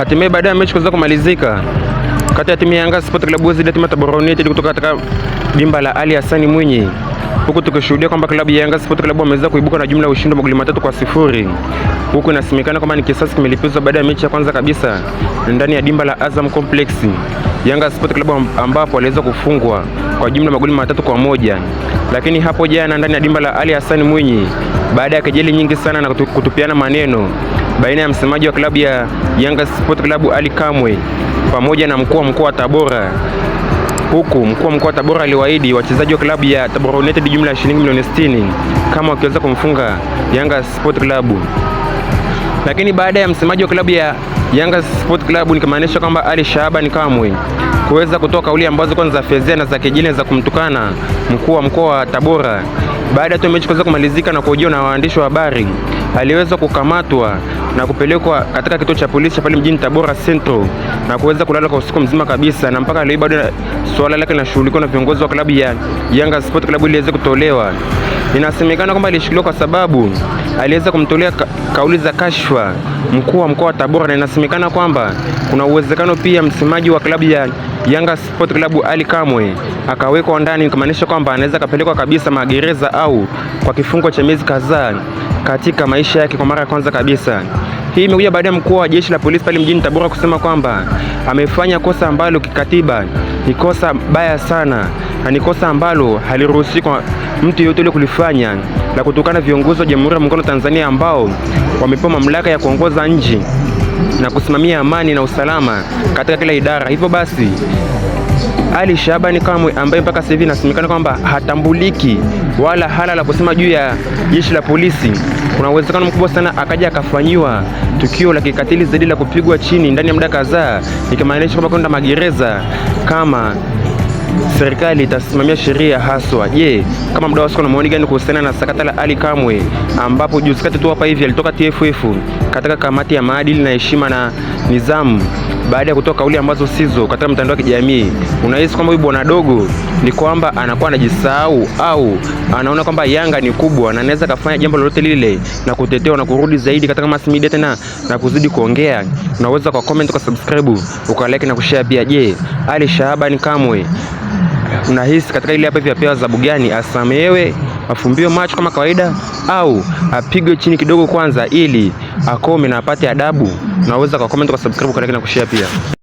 Hatimaye baada ya mechi kuweza kumalizika kati ya timu ya Yanga Sport Club dhidi ya timu ya Tabora United kutoka katika dimba la Ali Hassan Mwinyi, huku tukishuhudia kwamba klabu ya Yanga Sport Club wameweza kuibuka na jumla ya ushindi wa magoli matatu kwa sifuri, huku inasemekana kwamba ni kisasi kimelipizwa baada ya mechi ya kwanza kabisa ndani ya dimba la Azam Complex Yanga Sport Club ambapo waliweza kufungwa kwa jumla magoli matatu kwa moja, lakini hapo jana ndani ya dimba la Ali Hassan Mwinyi baada ya kejeli nyingi sana na kutupiana maneno baina ya msemaji wa klabu ya Yanga Sport Club Ali Kamwe pamoja na mkuu wa mkoa wa Tabora, huku mkuu wa mkoa wa Tabora aliwaahidi wachezaji wa klabu ya Tabora United jumla ya shilingi milioni 60 kama wakiweza kumfunga Yanga Sport Club. Lakini baada ya msemaji wa klabu ya Yanga Sport Club nikamaanisha kwamba Ali Shaaban Kamwe kuweza kutoa kauli ambazo kwanza za fedhea na za kijini za kumtukana mkuu wa mkoa wa Tabora baada ya tu mechi kuweza kumalizika na kuojiwa na waandishi wa habari aliweza kukamatwa na kupelekwa katika kituo cha polisi pale mjini Tabora Central na kuweza kulala kwa usiku mzima kabisa, na mpaka leo bado suala lake linashughulikiwa na viongozi wa klabu ya Yanga Sport Club ili iweze kutolewa. Inasemekana kwamba alishikiliwa kwa sababu aliweza kumtolea ka, kauli za kashfa mkuu wa mkoa wa Tabora, na inasemekana kwamba kuna uwezekano pia msemaji wa klabu ya Yanga Sport Club Ali Kamwe akawekwa ndani, kumaanisha kwamba anaweza akapelekwa kabisa magereza au kwa kifungo cha miezi kadhaa katika maisha yake kwa mara ya kwanza kabisa. Hii imekuja baada ya mkuu wa jeshi la polisi pale mjini Tabora kusema kwamba amefanya kosa ambalo kikatiba ni kosa baya sana na ni kosa ambalo haliruhusiwi kwa mtu yeyote yule kulifanya, na kutokana viongozi wa Jamhuri ya Muungano wa Tanzania ambao wamepewa mamlaka ya kuongoza nchi na kusimamia amani na usalama katika kila idara. Hivyo basi Ali Shabani Kamwe ambaye mpaka sasa hivi inasemekana kwamba hatambuliki wala hala la kusema juu ya jeshi la polisi, kuna uwezekano mkubwa sana akaja akafanyiwa tukio la kikatili zaidi la kupigwa chini ndani ya muda kadhaa, ikimaanisha kwamba kwenda magereza kama serikali itasimamia sheria haswa. Je, kama mdau wa soko na maoni gani kuhusiana na sakata la Ali Kamwe, ambapo juzi kati tu hapa hivi alitoka TFF katika kamati ya maadili na heshima na nidhamu baada ya kutoa kauli ambazo sizo katika mtandao wa kijamii. Unahisi kwamba huyu bwana dogo ni kwamba anakuwa anajisahau au anaona kwamba Yanga ni kubwa na anaweza kafanya jambo lolote lile na kutetewa na kurudi zaidi katika mass media tena na kuzidi kuongea? Unaweza kwa comment, kwa subscribe, like na kushare pia. Je, Ali Shaabani Kamwe unahisi katika ile hapa hivi apewa adhabu gani? Asamehewe afumbiwe macho kama kawaida au apigwe chini kidogo kwanza ili akome na apate adabu. Naweza kwa comment, kwa subscribe, kwa like na kushare pia.